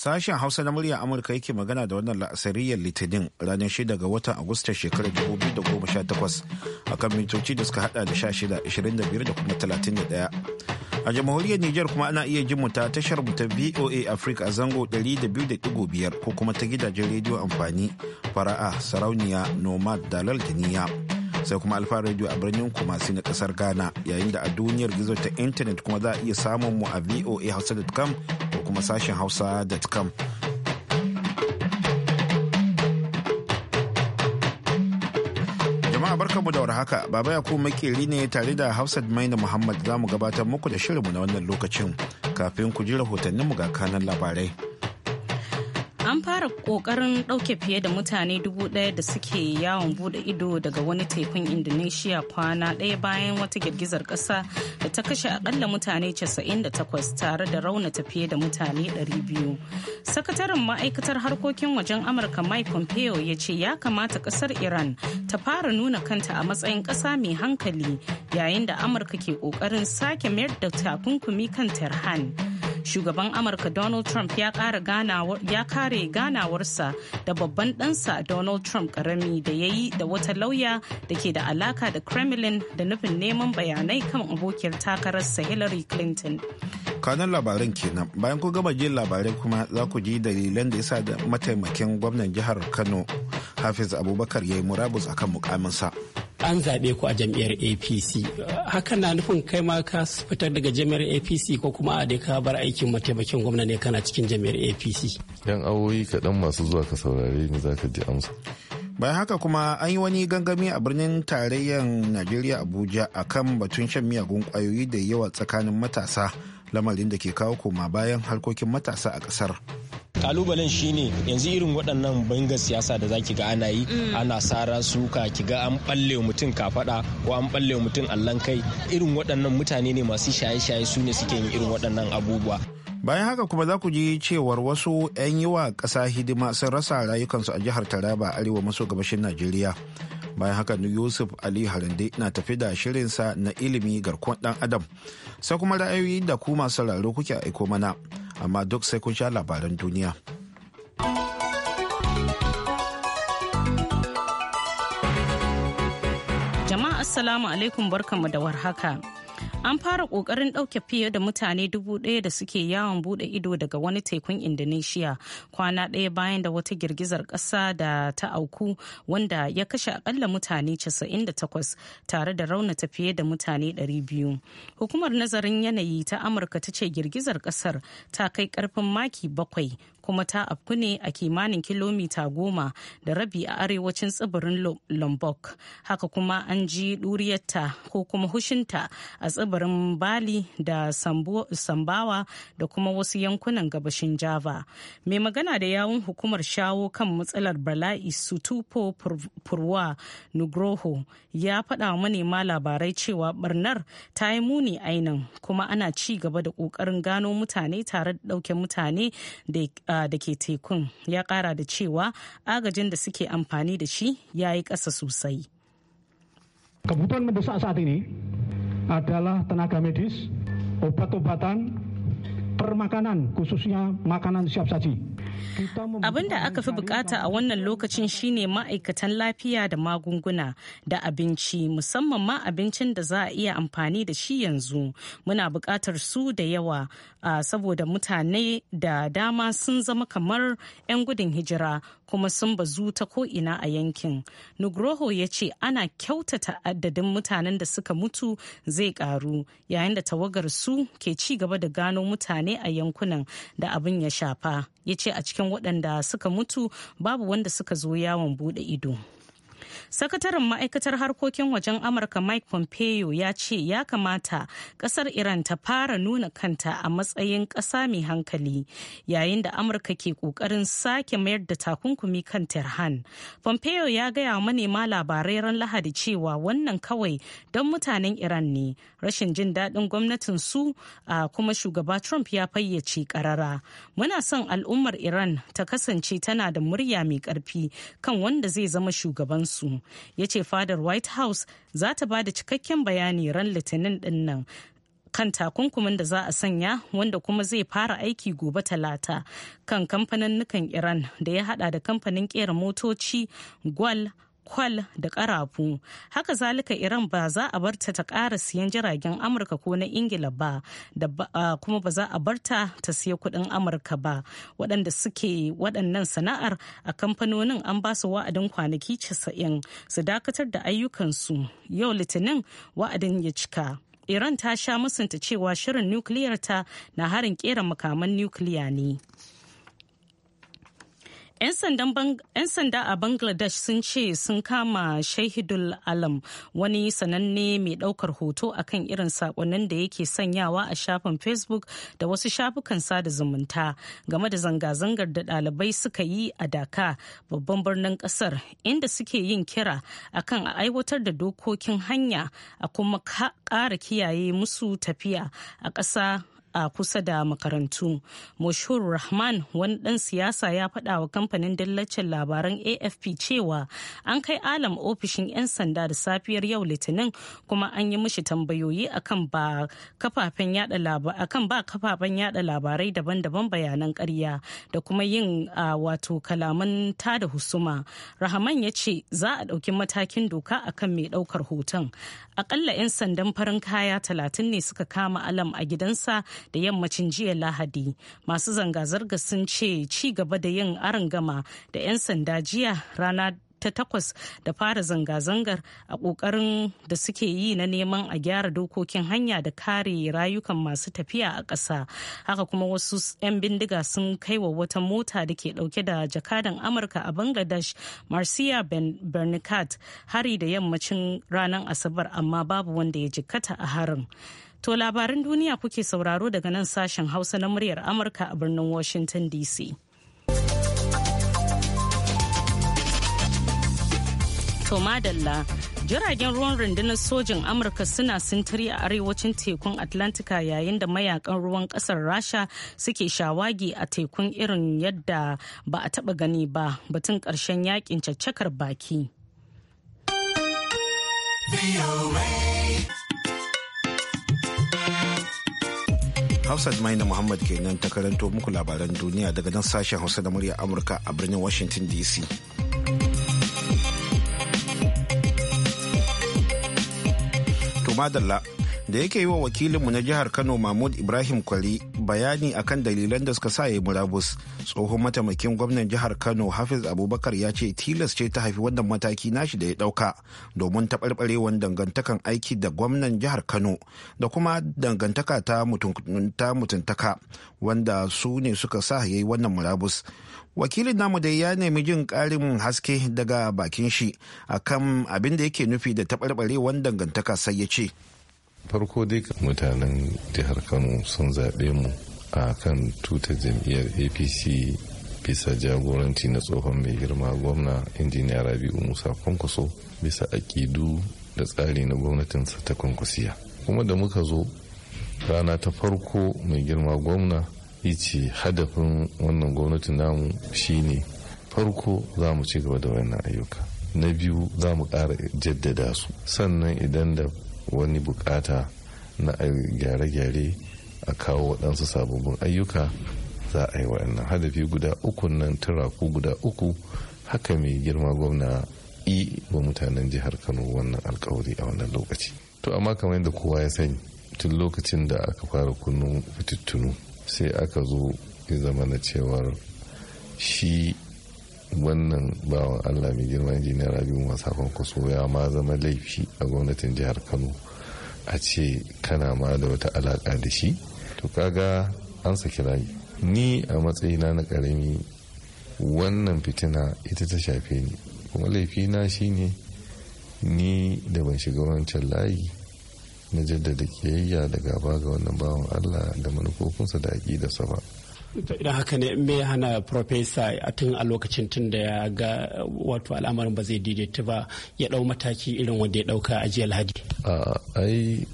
Sashen Hausa na muryar Amurka yake magana da wannan la'asariyar Litinin ranar 6 ga watan Agusta shekarar 2018 kan mintoci da suka hada da 16:25 da kuma 31. A jamhuriyar Nijar kuma ana iya jin ta tashar mu ta VOA Africa a zango 200.5 ko kuma ta gidajen rediyo amfani fara'a sarauniya nomad dalal da niya. sai kuma alfa radio a birnin kumasi na kasar ghana yayin da a duniyar gizo ta intanet kuma za a iya samun mu a voa ko kuma sashen hausa.com jama'a mu da haka baba ya kuma makeri ne tare da hafsat maina muhammad za mu gabatar muku da shirinmu na wannan lokacin kafin ku ji rahotanninmu ga kanan labarai an fara kokarin ɗauke fiye da mutane dubu ɗaya da suke yawon bude ido daga wani tekun indonesia kwana ɗaya bayan wata girgizar ƙasa da ta kashe akalla mutane 98 tare da raunata fiye da mutane 200 sakataren ma'aikatar harkokin wajen amurka mike pompeo ya ce ya kamata ƙasar iran ta fara nuna kanta a matsayin ƙasa mai hankali yayin da amurka ke ƙoƙarin sake mayar da takunkumi kan tehran shugaban amurka donald trump ya kare ganawarsa da babban ɗansa donald trump karami da ya yi da wata lauya da ke da alaka da kremlin da nufin neman bayanai kan abokiyar takararsa hillary clinton kanan labaran kenan bayan ku gama jin labarai kuma za ku ji dalilan da yasa da mataimakin gwamnan jihar kano hafiz abubakar ya yi murabus akan mukaminsa an zaɓe ku a jam'iyyar apc hakan na nufin kai ma ka fitar daga jam'iyyar apc ko kuma a ka bar aikin mataimakin gwamna ne kana cikin jam'iyyar apc yan awoyi kaɗan masu zuwa ka saurare ni za ka ji amsa bayan haka kuma an yi wani gangami a birnin tarayyar najeriya abuja a kan batun shan miyagun kwayoyi da yawa tsakanin matasa lamarin da ke kawo koma bayan harkokin matasa a kasar kalubalen shine yanzu irin waɗannan banga siyasa da zaki ga ana yi mm. ana sara suka ki ga an balle mutum kafada ko an balle mutum allan kai irin waɗannan mutane ne masu shaye-shaye su ne suke yin irin waɗannan abubuwa bayan haka kuma za ku ji cewar wasu 'yan yi wa ƙasa hidima sun rasa rayukansu a jihar taraba arewa maso gabashin najeriya bayan haka yusuf ali harande na tafi da shirinsa na ilimi garkuwar dan adam sai kuma ra'ayoyi da ku masu sauraro kuke aiko mana amma duk sai kun sha labaran duniya jama'a assalamu alaikum barkanmu da warhaka an fara ƙoƙarin ɗauke fiye da mutane dubu ɗaya da suke yawon buɗe ido daga wani tekun indonesia kwana ɗaya bayan da wata girgizar ƙasa da ta auku wanda ya kashe akalla mutane 98 tare da raunata fiye da mutane 200 hukumar nazarin yanayi ta amurka ta ce girgizar ƙasar ta kai ƙarfin maki bakwai kuma ta afku ne a kimanin kilomita goma da rabi a arewacin tsibirin Lombok. Haka kuma an ji ɗuriyarta ko kuma hushinta a tsibirin Bali da Sambawa da kuma wasu yankunan gabashin Java. Mai magana da yawun hukumar shawo kan matsalar bala'i Sutupo Purwa Nugroho ya faɗa manema labarai cewa barnar ta yi muni ainin kuma ana ci gaba da ƙoƙarin gano mutane tare da ɗauke mutane da ah, da ke tekun ya kara da cewa agajin da suke amfani da shi ya yi ƙasa sosai. kebutuhan mendesak saat ini adalah tenaga medis, obat-obatan, permakanan khususnya makanan siap saji. Abin da aka fi bukata a wannan lokacin shine ma'aikatan lafiya da magunguna da abinci musamman ma abincin da za a iya amfani da shi yanzu. Muna bukatar su da yawa saboda mutane da dama sun zama kamar 'yan gudun hijira kuma sun bazu ta ko'ina a yankin nugroho ya ce ana kyautata adadin mutanen da suka mutu zai karu yayin da tawagar su ke ci gaba da gano mutane a yankunan da abin ya shafa ya ce a cikin waɗanda suka mutu babu wanda suka zo yawon bude ido. sakataren ma'aikatar harkokin wajen amurka mike pompeo ya ce ya kamata kasar iran ta fara nuna kanta a matsayin ƙasa mai hankali yayin da amurka ke ƙoƙarin sake mayar da takunkumi kan tehran pompeo ya gaya manema labarai ran lahadi cewa wannan kawai don mutanen iran ne rashin jin daɗin gwamnatin su a kuma shugaba trump ya fayyace karara muna son al'ummar iran ta kasance tana da murya mai ƙarfi kan wanda zai zama shugaban su ya ce fadar white house za ta ba da cikakken bayani ran litinin dinnan kan takunkumin da za a sanya wanda kuma zai fara aiki gobe talata kan kamfanin nukan iran da ya hada da kamfanin kera motoci gwal kwal da karafu haka zalika iran ba za a barta ta ƙara siyan jiragen amurka ko na ingila ba da kuma ba za a barta ta siya kudin amurka ba waɗanda suke waɗannan sana'ar a kamfanonin an ba su wa'adin kwanaki casa'in su dakatar da ayyukansu yau litinin wa'adin ya cika iran ta sha musanta cewa shirin nukiliyarta na harin kera makaman nukiliya ne 'Yan sanda a Bangladesh sun ce sun kama Shahidul Alam wani sananne mai daukar hoto akan irin sakonnin da yake sanyawa a shafin Facebook da wasu shafukan sada zumunta game da zanga-zangar da ɗalibai suka yi a Dhaka babban birnin ƙasar inda suke yin kira akan a aiwatar da dokokin hanya a kuma ƙara kiyaye musu tafiya a ƙasa a kusa da makarantu. Moshur Rahman wani ɗan siyasa ya faɗa wa kamfanin dallacin labaran AFP cewa an kai alam ofishin 'yan sanda da safiyar yau litinin kuma an yi mishi tambayoyi akan ba kafafen yada labarai daban-daban bayanan karya da kuma yin wato kalaman ta da husuma. Rahman ya ce za a ɗauki matakin doka akan mai ɗaukar hoton. Aƙalla 'yan sandan farin kaya talatin ne suka kama alam a gidansa da yammacin jiya lahadi masu zanga-zanga sun ce ci gaba da yin arangama da 'yan sanda jiya rana ta takwas da fara zanga-zangar a ƙoƙarin da suke yi na neman a gyara dokokin hanya da kare rayukan masu tafiya a ƙasa haka kuma wasu 'yan bindiga sun kai wa wata mota da ke ɗauke da jakadan amurka a bangladesh marcia bernicat hari da yammacin ranar asabar amma babu wanda ya jikkata a harin To labaran duniya kuke sauraro daga nan sashen Hausa na muryar Amurka a birnin Washington DC. To madalla jiragen ruwan rundunar sojin amurka suna sintiri a arewacin tekun atlantika yayin da mayakan ruwan kasar rasha suke shawagi a tekun irin yadda ba a taba gani ba batun karshen yakin caccakar baki. Hafsat Maina Muhammad nan ta karanto muku labaran duniya daga nan sashen Hausa da murya Amurka a birnin Washington DC. To madalla da yake yi wa wakilinmu na jihar kano mahmud ibrahim kwali bayani akan dalilan da suka sa ya murabus tsohon mataimakin gwamnan jihar kano hafiz abubakar ya ce tilas ce ta haifi wannan mataki nashi da ya dauka domin taɓarɓarewar dangantakan aiki da gwamnan jihar kano da kuma dangantaka ta mutuntaka wanda su ne suka sa ya yi wannan murabus wakilin namu da ya nemi jin ƙarin haske daga bakin shi akan abin da yake nufi da taɓarɓarewar dangantaka sai ya ce farko dai mutanen jihar kano sun zaɓe mu a kan tutar jam'iyyar apc bisa jagoranci na tsohon mai girma gwamna injiniya rabi'u musa kwankwaso bisa aƙidu da tsari na gwamnatinsa ta kwankwasiya kuma da muka zo rana ta farko mai girma gwamna ce hadafin wannan gwamnati namu shine farko za mu ci gaba da wannan ayyuka na biyu za mu ƙara jaddada su sannan idan da wani bukata na gyare-gyare a kawo waɗansu sababbin ayyuka za a yi waɗannan hadafi guda uku nan turaku guda uku haka mai girma gwamna i e wa mutanen jihar kano wannan alkawari a wannan lokaci to amma kamar yadda kowa ya sani tun lokacin da aka fara kunnun fitittunu sai aka zo ya zama na cewar shi wannan bawan allah mai girma injiniyar rabiu masafan kwaso ya ma zama laifi a gwamnatin jihar kano a ce kana ma da wata alaƙa da shi to kaga an saki layi ni a matsayina na karami wannan fitina ita ta shafe ni kuma laifina ne, ni da ban shiga wancan layi na jaddada kiyayya da gaba ga wannan bawan allah da manufofinsa da aƙidarsa ba idan haka ne me hana profesa tun a lokacin tun da ya ga wato al'amarin ba zai daidaita ba ya dau mataki irin wanda ya dauka a jiya lahadi ai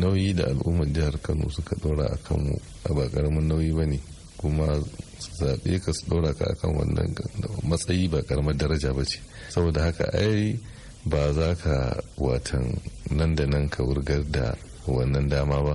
nauyi da al'ummar jihar kano suka dora a kanmu ba karamin nauyi ba ne kuma zaɓe ka su dora ka akan wannan matsayi ba karamar daraja ba ce saboda haka ai ba za ka watan nan da nan ka wurgar da wannan dama ba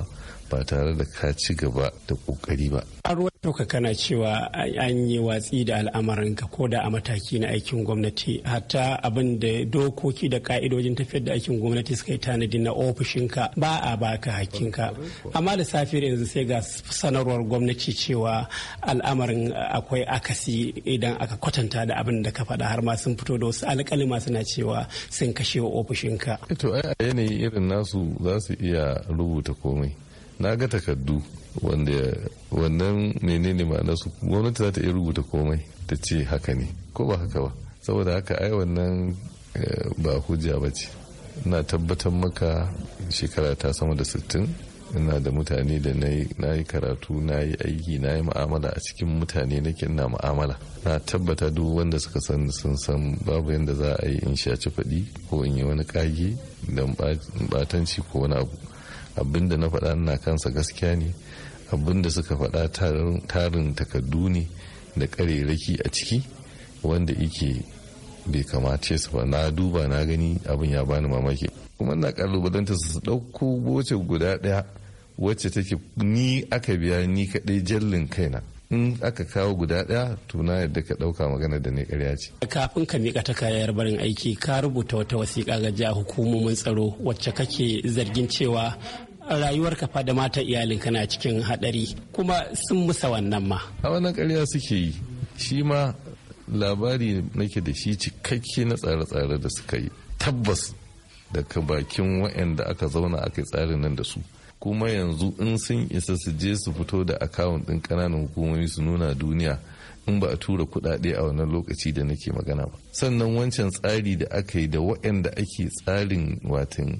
ba tare da ka ci gaba da kokari ba a ruwa ɗauka kana cewa an yi watsi da al'amarinka ko da a mataki na aikin gwamnati hatta abin da dokoki da ka'idojin tafiyar da aikin gwamnati suka yi tanadi na ofishinka ba a baka hakkinka amma da safiyar yanzu sai ga sanarwar gwamnati cewa al'amarin akwai akasi idan aka kwatanta da abin da ka faɗa har ma sun fito da wasu alƙalima suna cewa sun kashe wa ofishinka. to a yanayi irin nasu za su iya rubuta komai na ga takardu wanda wannan menene ma'ana su gwamnati za ta iya rubuta komai ta ce haka ne ko ba haka ba saboda haka ai wannan eh, ba hujja ba ce na tabbatar maka shekara ta sama da sittin ina da mutane da na yi karatu na yi aiki na yi ma'amala a cikin mutane nake ina ma'amala na tabbata duk wanda suka san sun san babu yadda za a yi in shaci faɗi ko in yi wani ƙage don batanci ko wani abu abinda na faɗa ina kansa gaskiya ne abinda suka faɗa tarin takardu ne da ƙarerraki a ciki wanda ike bai kamace su ba na duba na gani abin ya bani mamaki kuma na kalubalanta su ɗauko goce guda ɗaya wacce take ni aka biya ni kaɗai jallin na in aka kawo guda ɗaya to na yadda ka ɗauka magana da ne ƙarya ce. kafin ka miƙa ta kayar barin aiki ka rubuta wata wasiƙa ga a hukumomin tsaro wacce kake zargin cewa rayuwarka fa da mata iyalin kana cikin hadari kuma sun musa wannan ma a wannan ƙarya suke yi shi ma labari nake da shi cikakke na tsare-tsare da suka yi tabbas daga bakin wa'anda aka zauna aka yi tsarin nan da su kuma yanzu in sun isa su je su fito da akawun ɗin ƙananan hukumomi su nuna duniya in ba a tura kuɗaɗe a wannan lokaci da nake magana ba sannan wancan tsari da aka yi da wa'anda ake tsarin watan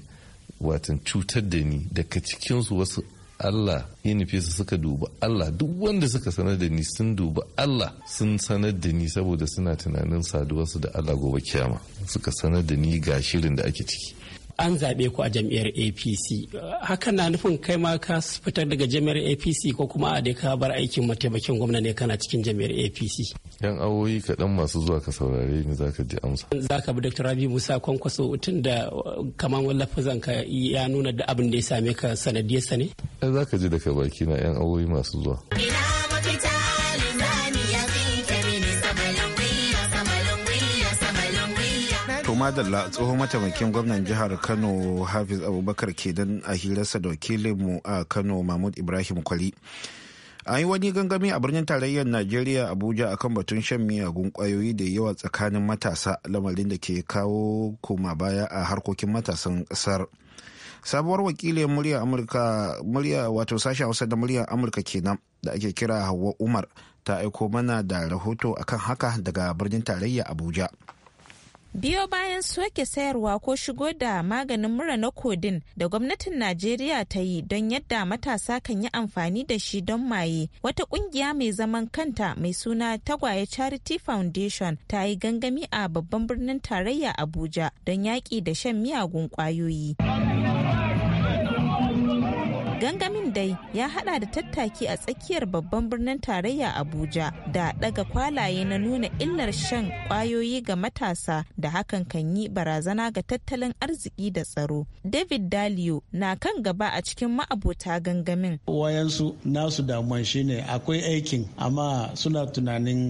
watan cutar da ni daga cikinsu wasu Allah ya nufi su suka duba Allah duk wanda suka sanar da ni sun duba Allah sun sanar da ni saboda suna tunanin saduwarsu da Allah gobe kiyama suka sanar da ni ga shirin da ake ciki an zaɓe ku a jam'iyyar apc hakan na nufin kai ma ka fitar daga jam'iyyar apc ko kuma a dai ka bar aikin mataimakin gwamna ne kana cikin jam'iyyar apc yan awoyi kaɗan masu zuwa ka saurare ni za ka ji amsa za ka bi dr rabi musa kwankwaso tun da kamar wallafazan ka ya nuna da abin da ya same ka sanadiyarsa ne eh, za ka ji daga baki na yan awoyi masu zuwa. madalla tsohon mataimakin gwamnan jihar kano hafiz abubakar ke kenan a hirarsa da wakilinmu a kano mahmud ibrahim kwali a yi wani gangami a birnin tarayyar najeriya abuja akan batun shan miyagun kwayoyi da yawa tsakanin matasa lamarin da ke kawo koma baya a harkokin matasan kasar sabuwar wakilin murya amurka murya wato sashen hausa da murya amurka kenan da ake kira hawa umar ta aiko mana da rahoto akan haka daga birnin tarayya abuja biyo bayan soke sayarwa ko shigo da maganin mura na kodin da gwamnatin najeriya ta yi don yadda matasa kan yi amfani da shi don maye wata kungiya mai zaman kanta mai suna tagwaye charity foundation ta yi gangami a babban birnin tarayya abuja don yaƙi da shan miyagun ƙwayoyi. Gangamin dai ya hada da tattaki a tsakiyar babban birnin tarayya Abuja da daga kwalaye na nuna illar shan kwayoyi ga matasa da hakan kan yi barazana ga tattalin arziki da tsaro. David Dalio na kan gaba a cikin ma'abota gangamin. Wayansu nasu damuwan shine akwai aikin amma suna tunanin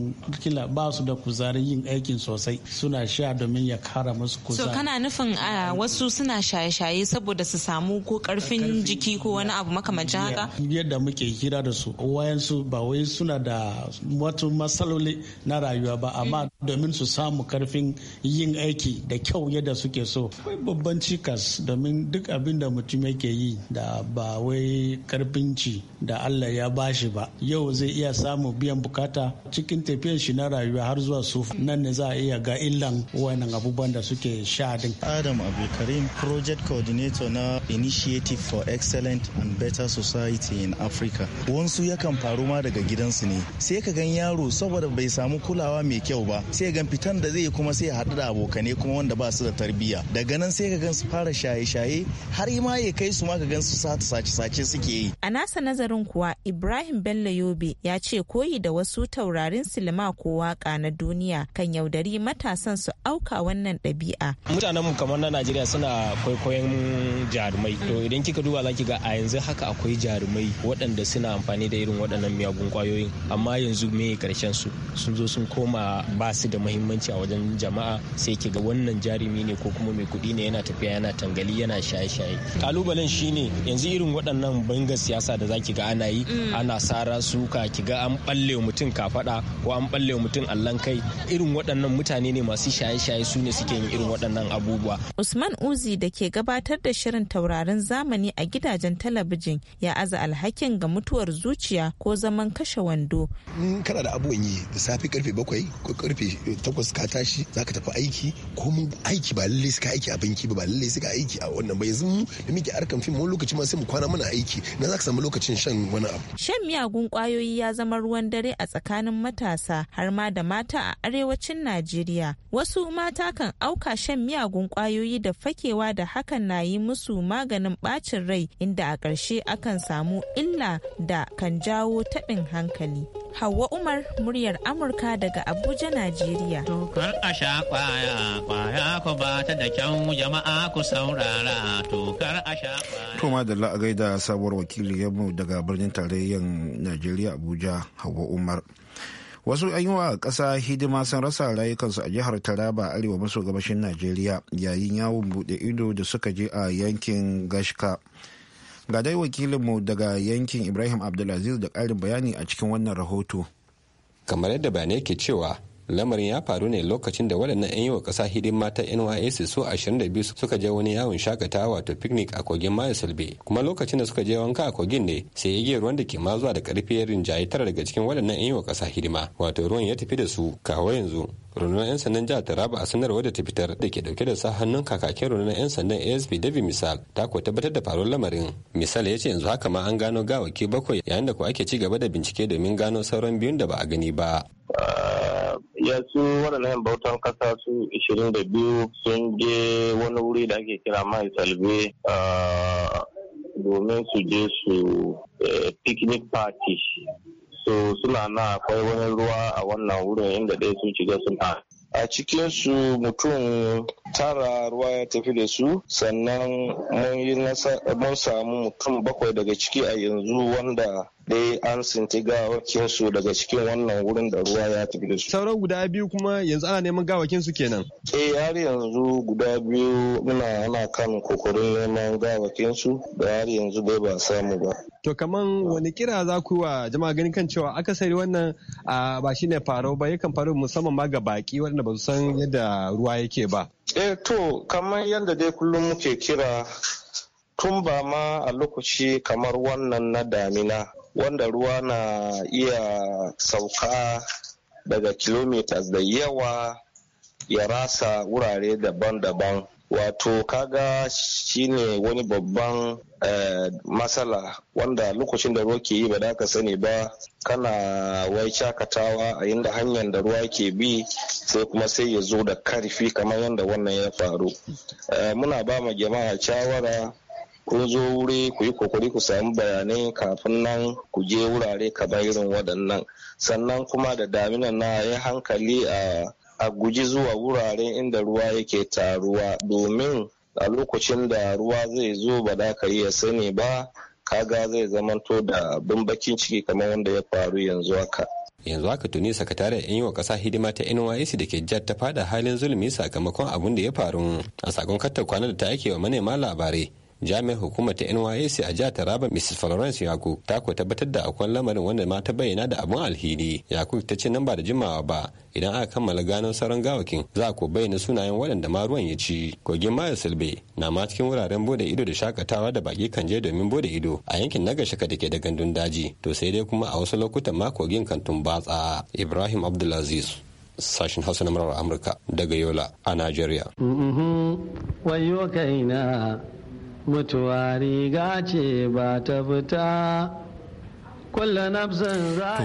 kila ba su da kuzarin yin aikin sosai suna sha domin ya kara musu kuzari. So kana nufin ah, wasu suna shaye-shaye saboda su samu ko karfin jiki ko wani abu makamancin haka yadda muke hira da su wayansu ba wai suna da wato matsaloli na rayuwa ba amma mm. domin su samu karfin yin aiki da kyau yadda suke so akwai babban cikas domin duk abin da mutum yake yi da ba wai karfin ci da Allah ya bashi ba yau zai iya samu biyan bukata cikin tafiyar shi na rayuwa har zuwa su nan ne za a iya ga illan wayannan abubuwan da suke sha din adam abdulkarim project coordinator na initiative for excellent and and better society in Africa. Wansu yakan faru ma daga gidansu ne. Sai ka gan yaro saboda bai samu kulawa mai kyau ba. Sai gan fitan da zai kuma sai haɗu da abokane kuma wanda ba su da tarbiyya. Daga nan sai ka gan su fara shaye-shaye har ma ya kai su ma ka gan su sata sace-sace suke yi. A nasa nazarin kuwa Ibrahim Bello Yobe ya ce koyi da wasu taurarin silima ko waka na duniya kan yaudari matasan su auka wannan ɗabi'a. Mutanen kamar na Najeriya suna kwaikwayon jarumai. To idan kika duba za ki ga a yanzu yanzu haka akwai jarumai waɗanda suna amfani da irin waɗannan miyagun kwayoyin amma yanzu me karshen su sun zo sun koma ba su da muhimmanci a wajen jama'a sai ke ga wannan jarumi ne ko kuma mai kuɗi ne yana tafiya yana tangali yana shaye-shaye kalubalen shine yanzu irin waɗannan banga siyasa da zaki ga ana yi mm. ana sara suka ki ga an balle mutum kafaɗa ko an balle mutum allan kai irin waɗannan mutane ne masu shaye-shaye su ne suke yin irin waɗannan abubuwa usman uzi da ke gabatar da shirin taurarin zamani a gidajen talabijin talabijin ya aza alhakin ga mutuwar zuciya ko zaman kashe wando. In kana da abubuwan yi da safe karfe bakwai ko karfe takwas ka tashi za ka tafi aiki ko mun aiki ba lallai suka aiki a banki ba ba lallai suka aiki a wannan ba yanzu mu da muke harkan fim wani lokaci ma sai mu kwana muna aiki na za ka samu lokacin shan wani abu. Shan miyagun kwayoyi ya zama ruwan dare a tsakanin matasa har ma da mata a arewacin Najeriya. Wasu mata kan auka shan miyagun kwayoyi da fakewa da hakan na yi musu maganin bacin rai inda a ƙarshe karshe akan samu illa da kan jawo taɓin hankali. Hauwa Umar muryar Amurka daga Abuja, Najeriya. Tukar a sha kwaya, kwaya ku ba ta da kyau jama'a ku saurara tukar a sha kwaya. Toma da la'agai da sabuwar wakiliyarmu daga birnin tarayyar Najeriya Abuja, hawa Umar. wasu an a ƙasa hidima sun rasa rayukansu a jihar taraba arewa maso gabashin najeriya yayin yawon buɗe ido da suka je a yankin gashka ga dai wakilinmu daga yankin ibrahim abdulaziz da karin bayani a cikin wannan rahoto kamar yadda bayanai ke cewa lamarin ya faru ne lokacin da waɗannan 'yan yi wa ƙasa hidima ta nys su 22 suka je wani yawon shakatawa wato picnic a kogin maya sulbe kuma lokacin da suka je wanka a kogin ne sai ya ruwan da ke ma zuwa da ƙarfi ya rinjaye tara daga cikin waɗannan 'yan yi wa ƙasa hidima wato ruwan ya tafi da su kawo yanzu rundunar 'yan sandan jihar taraba a sanarwar da ta fitar da ke dauke da sa hannun kakakin rundunar 'yan sandan asp david misal ta ko tabbatar da faruwar lamarin misal ya ce yanzu haka ma an gano gawaki bakwai yayin da ko ake ci gaba da bincike domin gano sauran biyun da ba a gani ba ah, ya su waɗannan bautan ƙasa su 22 sun je wani wuri da ake kira mai salve ah, domin su je su eh, picnic party so suna na akwai wani ruwa a wannan wurin inda ɗaya sun shiga suna a cikinsu mutum tara ruwa ya tafi da su sannan mun samu mutum bakwai daga ciki a yanzu wanda dai eh, an sinti gawakin su daga cikin wannan wurin da ruwa ya tafi da su sauran guda biyu kuma yanzu ana neman gawakin su kenan eh har yanzu guda biyu muna ana kan kokarin neman gawakin su da har yanzu bai ba samu ba to kaman wani kira za ku yi wa jama'a ganin kan cewa akasari wannan ba shine farau ba yakan faru musamman ma ga baki waɗanda ba su san yadda ruwa yake ba eh to kamar yadda dai kullum muke kira tun ba ma a lokaci kamar wannan na damina wanda ruwa na iya sauka daga kilomitas da yawa ya rasa wurare daban-daban wato kaga shine wani babban eh, matsala wanda lokacin da ruwa ke yi ba da ka sani ba kana wai shakatawa a inda hanyar da ruwa ke bi sai kuma sai ya zo da karfi kamar yadda wannan ya faru eh, muna ba ma jama'a shawara kun zo wuri ku yi kokari ku samu bayanai kafin nan ku je wurare kamar irin waɗannan sannan kuma da daminan na yi hankali a guji zuwa wurare inda ruwa yake taruwa domin a lokacin da ruwa zai zo ba da ka iya sani ba kaga zai zamanto da bambakin ciki kamar wanda ya faru yanzu haka yanzu haka tuni sakataren yan wa kasa hidima ta nysc da ke jihar ta fada halin zulumi sakamakon abin da ya faru a sakon kattar kwana da ta ake wa manema labarai jami'ar hukumar ta nysc a jihar taraba mrs florence yakub ta ko tabbatar da akwai lamarin wanda ma ta bayyana da abin alheri yakub ta ce nan ba da jimawa ba idan aka kammala gano sauran gawakin za a ko bayyana sunayen waɗanda ma ruwan ya ci kogin maya silbe na ma cikin wuraren bude ido da shakatawa da baki kan je domin bude ido a yankin na gashaka da ke da gandun daji to sai dai kuma a wasu lokutan ma kogin kan tumbatsa ibrahim abdulaziz sashen hausa na murar amurka daga yola a nigeria mm-hmm. wayo kaina mutuwa riga ce ba ta fita To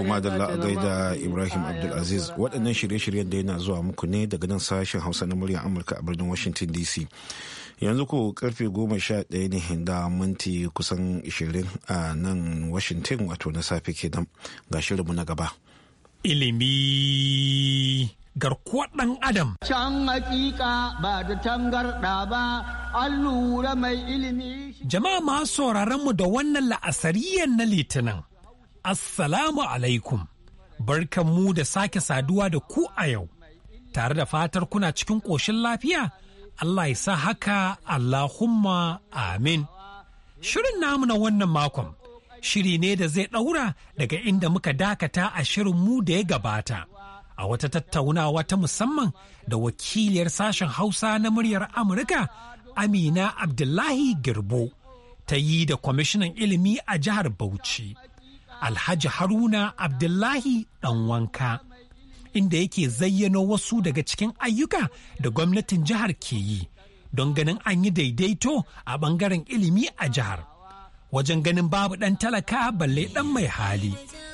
madalla a gaida Ibrahim Abdulaziz waɗannan shirye-shiryen da yana zuwa muku ne daga nan sashen Hausa na muryar Amurka a birnin Washington DC. Yanzu ku karfe goma sha ɗaya ne da minti kusan 20 a nan Washington wato na safe kenan ga shirinmu na gaba. Ilimi garkuwar ɗan adam. Can hakika ba da tangarɗa ba, an lura mai ilimi. Jama'a ma sauraron mu da wannan la'asariyar na litinin. Assalamu alaikum, barkan mu da sake saduwa da ku a yau, tare da fatar kuna cikin ƙoshin lafiya, Allah ya sa haka Allahumma amin. Shirin namu na wannan makon, shiri ne da zai ɗaura daga inda muka dakata a shirin mu da ya gabata. a wata tattaunawa ta musamman da wakiliyar sashen hausa na muryar amurka amina abdullahi girbo ta yi da kwamishinan ilimi a jihar bauchi alhaji haruna abdullahi wanka inda yake zayyano wasu daga cikin ayyuka da gwamnatin jihar ke yi don ganin an yi daidaito a bangaren ilimi a jihar wajen ganin babu ɗan talaka balle ɗan mai hali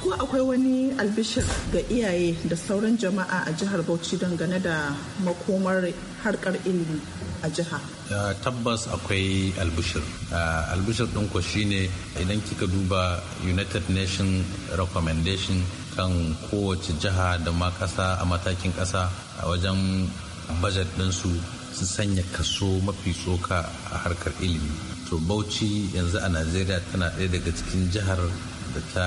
ko akwai wani albishir ga iyaye da sauran jama'a a jihar bauchi dangane da makomar harkar ilimi a jiha tabbas akwai albishir albishir ɗin ko shine idan kika duba united nation recommendation kan kowace jiha da ma ƙasa a matakin ƙasa a wajen bajet ɗinsu su sanya kaso mafi tsoka a harkar ilimi to bauchi yanzu a najeriya tana ɗaya daga cikin jihar da ta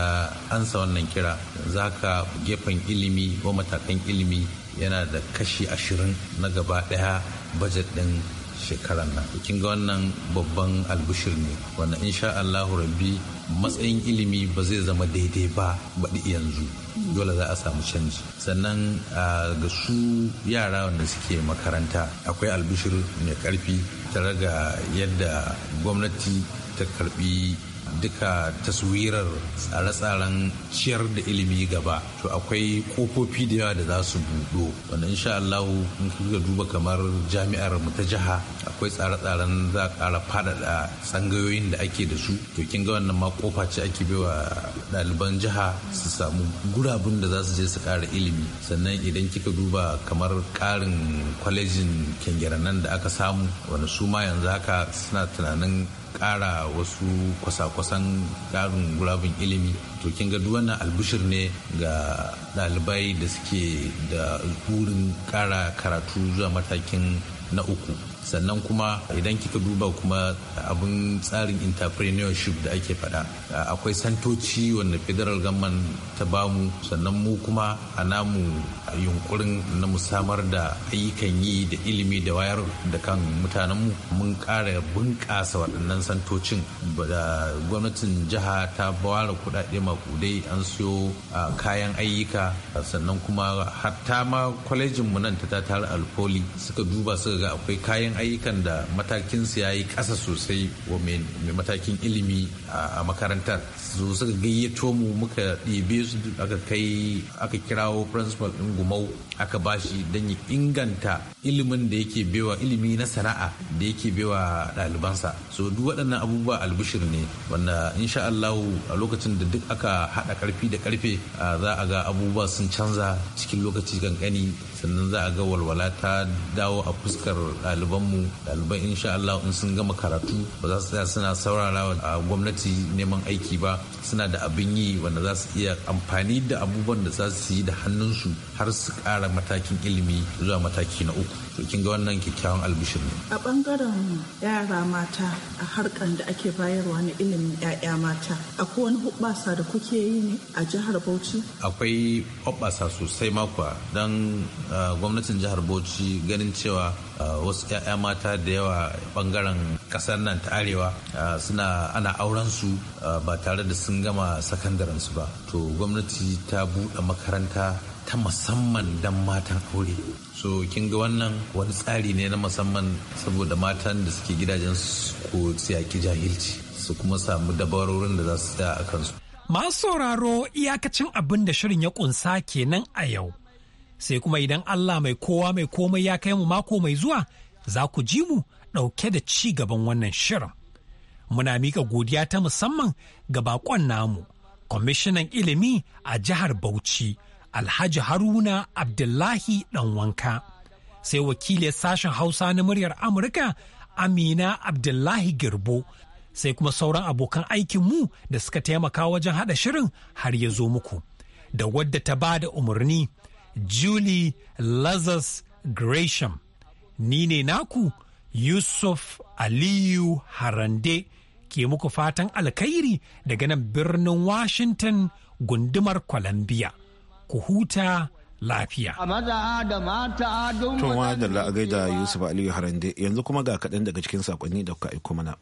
ansa wannan kira za ka gefen ilimi ko matakan ilimi yana da kashi ashirin na gaba daya bajet din shekaran nan kin ga wannan babban albushir ne wannan insha Allahu rabbi matsayin ilimi ba zai zama daidai ba baɗi yanzu dole za a samu canji sannan ga su yara wanda suke makaranta akwai albushir mai karfi tare ga yadda gwamnati ta karbi duka taswirar tsare-tsaren ciyar da ilimi gaba to akwai kofofi da yawa da za su buɗo wanda insha Allah in kuka duba kamar jami'ar mu ta jiha akwai tsare-tsaren za a ƙara faɗaɗa tsangayoyin da ake da su to kin ga wannan ma kofa ce ake wa ɗaliban jiha su samu gurabun da za su je su ƙara ilimi sannan idan kika duba kamar ƙarin kwalejin kyangirannan da aka samu wani su ma yanzu haka suna tunanin ƙara wasu kwasa-kwasan ƙarin gurabin ilimi to kin ga duk wannan albushir ne ga ɗalibai da suke da burin ƙara karatu zuwa matakin na uku sannan kuma idan kika duba kuma abin tsarin entrepreneurship da ake faɗa akwai santoci wanda federal government ta bamu sannan mu kuma a namu yunkurin na mu samar da ayyukan yi da ilimi da wayar da kan mutanenmu mun ƙara bunƙasa waɗannan santocin da gwamnatin jiha ta bawara kuɗaɗe makudai an siyo kayan ayyuka sannan kuma hatta ma kwalejinmu nan ta tatar alfoli suka duba suka ga akwai kayan ayyukan da matakinsu ya yi ƙasa sosai wa mai matakin ilimi a makarantar su suka gayyato mu muka ɗebe su aka kai aka kirawo principal ɗin gumau aka bashi don ya inganta ilimin da yake bewa ilimi na sana'a da yake bewa ɗalibansa so duk waɗannan abubuwa albishir ne wanda insha Allahu a lokacin da duk aka haɗa ƙarfi da ƙarfe za a ga abubuwa sun canza cikin lokaci kankani sannan za a ga walwala ta dawo a fuskar ɗalibanmu ɗaliban insha Allah in sun gama karatu ba za su suna saurara a gwamnati su neman aiki ba suna da abin yi wanda za su iya amfani da abubuwan da za su yi da hannunsu har su kara matakin ilimi zuwa mataki na uku to kin ga wannan kyakkyawan albishir ne a bangaren yara mata a harkan da ake bayarwa na ilimin yaya mata akwai wani hubbasa da kuke yi ne a jihar Bauchi akwai hubbasa sosai makwa don ah, gwamnatin jihar Bauchi ganin cewa Eh, wasu 'ya'ya mata da yawa bangaren ƙasar nan ta arewa eh, suna ana auren su eh, ba tare da sun gama sakandaren su ba to gwamnati ta buɗe makaranta ta musamman don matan aure so kin ga wannan wani tsari ne na musamman saboda matan da suke gidajen su ko tsayaki jahilci su kuma samu dabarorin da za su tsaya a kansu masu sauraro iyakacin abin da shirin ya kunsa kenan a yau sai kuma idan Allah mai kowa mai komai ya kai mu mako mai zuwa za ku ji mu ɗauke da ci gaban wannan shirin. Muna mika godiya ta musamman ga bakon namu, kwamishinan ilimi a jihar Bauchi, Alhaji Haruna Abdullahi Ɗanwanka. Sai wakilin sashen Hausa na muryar Amurka Amina Abdullahi Girbo. Sai kuma sauran abokan aikinmu da suka taimaka wajen haɗa shirin har ya zo muku. Da wadda ta ba da umarni Julie Lazarus Gresham. Ni ne naku Yusuf Aliyu Harande ke muku fatan alkhairi daga nan birnin Washington gundumar Columbia. Ku huta lafiya. Tunwa da la'agai da Yusuf Aliyu Harande yanzu kuma ga kaɗan daga cikin saƙonni da kuka aiko mana.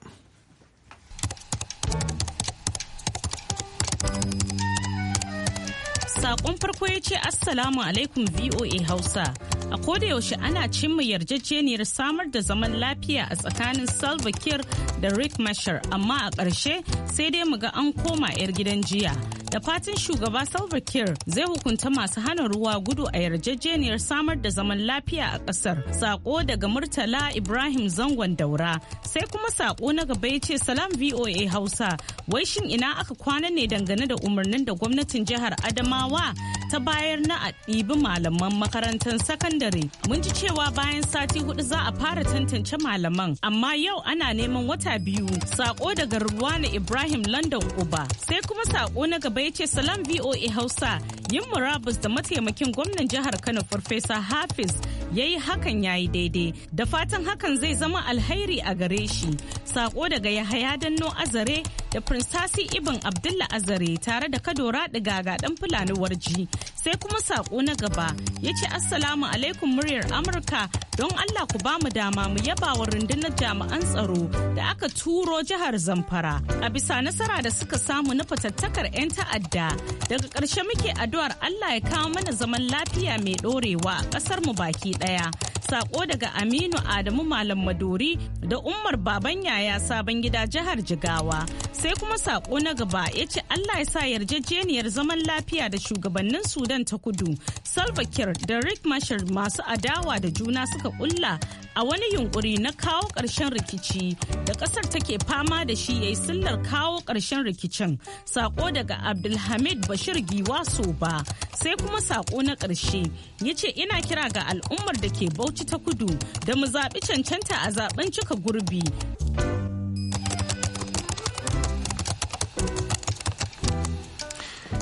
Sakon farko ya ce Assalamu alaikum VOA Hausa. A kodayaushe ana cimma yarjejeniyar samar da zaman lafiya a tsakanin Salva Kiir da Rick Mashar, amma a ƙarshe sai dai mu ga an koma 'yar gidan jiya. da fatan shugaba Salva Kiir zai hukunta masu hana ruwa gudu a yarjejeniyar samar da zaman lafiya a ƙasar. Sako daga Murtala Ibrahim Zangon Daura. Sai kuma sako na gaba ya ce Salam VOA Hausa. Wai shin ina aka kwana ne dangane da umarnin da gwamnatin jihar Adamawa ta bayar na a ɗibi malaman makarantar sakandare. Mun ji cewa bayan sati hudu za a fara tantance malaman, amma yau ana neman wata biyu. Sako daga na Ibrahim London Uba. Sai kuma sako na gaba Baba ya ce salam VOA Hausa yin murabus da mataimakin gwamnan jihar Kano Farfesa Hafiz ya yi hakan ya yi daidai da fatan hakan zai zama alhairi a gare shi. Sako daga Yahaya Danno Azare da Prince Ibin Ibn Abdullah Azare tare da Kadora ga dan Fulani Warji. Sai kuma sako na gaba ya ce Assalamu alaikum muryar Amurka don Allah ku ba mu dama mu yaba wa rundunar jami'an tsaro da aka turo jihar Zamfara a bisa nasara da suka samu na fatattakar 'yan ta'adda. Daga ƙarshe muke addu'ar Allah ya kawo mana zaman lafiya mai ɗorewa a ƙasar mu baki ɗaya. Sako daga Aminu Adamu Malam Maduri da Umar Baban Yaya Sabon Gida jihar Jigawa. sai kuma sako na gaba ya ce allah ya sa yarjejeniyar zaman lafiya da shugabannin sudan ta kudu salva kiir da rick Marshall masu adawa da juna suka kulla a wani yunkuri na kawo ƙarshen rikici da ƙasar take fama da shi ya yi sillar kawo ƙarshen rikicin sako daga abdulhamid bashir giwaso ba sai kuma sako na ƙarshe ya ce ina kira ga al'ummar da ke bauchi ta kudu da mu zaɓi cancanta a zaɓen cika gurbi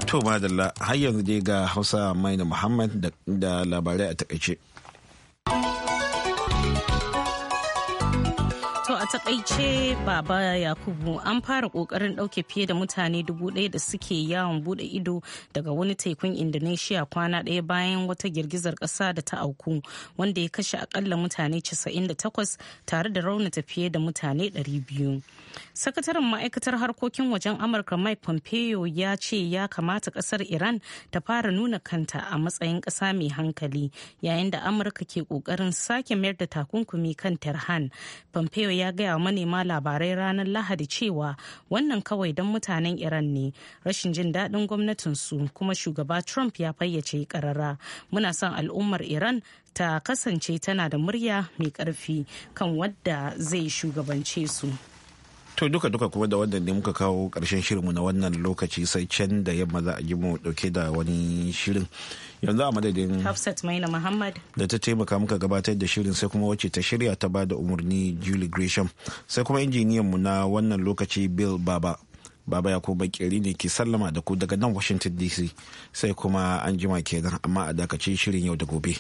To madalla har yanzu dai ga Hausa Maina Muhammad da labarai a takaice. takaice baba yakubu an fara kokarin dauke fiye da mutane dubu daya da suke yawon bude ido daga wani tekun indonesia kwana daya bayan wata girgizar ƙasa da ta auku wanda ya kashe akalla mutane 98 tare da raunata fiye da mutane 200 sakataren ma'aikatar harkokin wajen amurka mike pompeo ya ce ya kamata kasar iran ta fara nuna kanta a matsayin ƙasa mai hankali yayin da amurka ke ƙoƙarin sake mayar da takunkumi kan tehran pompeo ya gaya wa manema labarai ranar lahadi cewa wannan kawai don mutanen iran ne rashin jin daɗin gwamnatinsu kuma shugaba trump ya fayyace ƙarara muna son al'ummar iran ta kasance tana da murya mai ƙarfi kan wadda zai shugabance su. To duka duka kuma da wannan ne muka kawo ƙarshen mu na wannan lokaci sai can da yamma za a ji mu dauke da wani shirin. Yanzu a madadin Hafsat Maina Muhammad da ta taimaka muka gabatar da shirin sai kuma wacce ta shirya ta bada umarni Julie Gresham sai kuma injiniyan mu na wannan lokaci Bill Baba. Baba ya kuma bakeri ne ke sallama da ku daga nan Washington DC sai kuma an jima kenan amma a dakace shirin yau da gobe.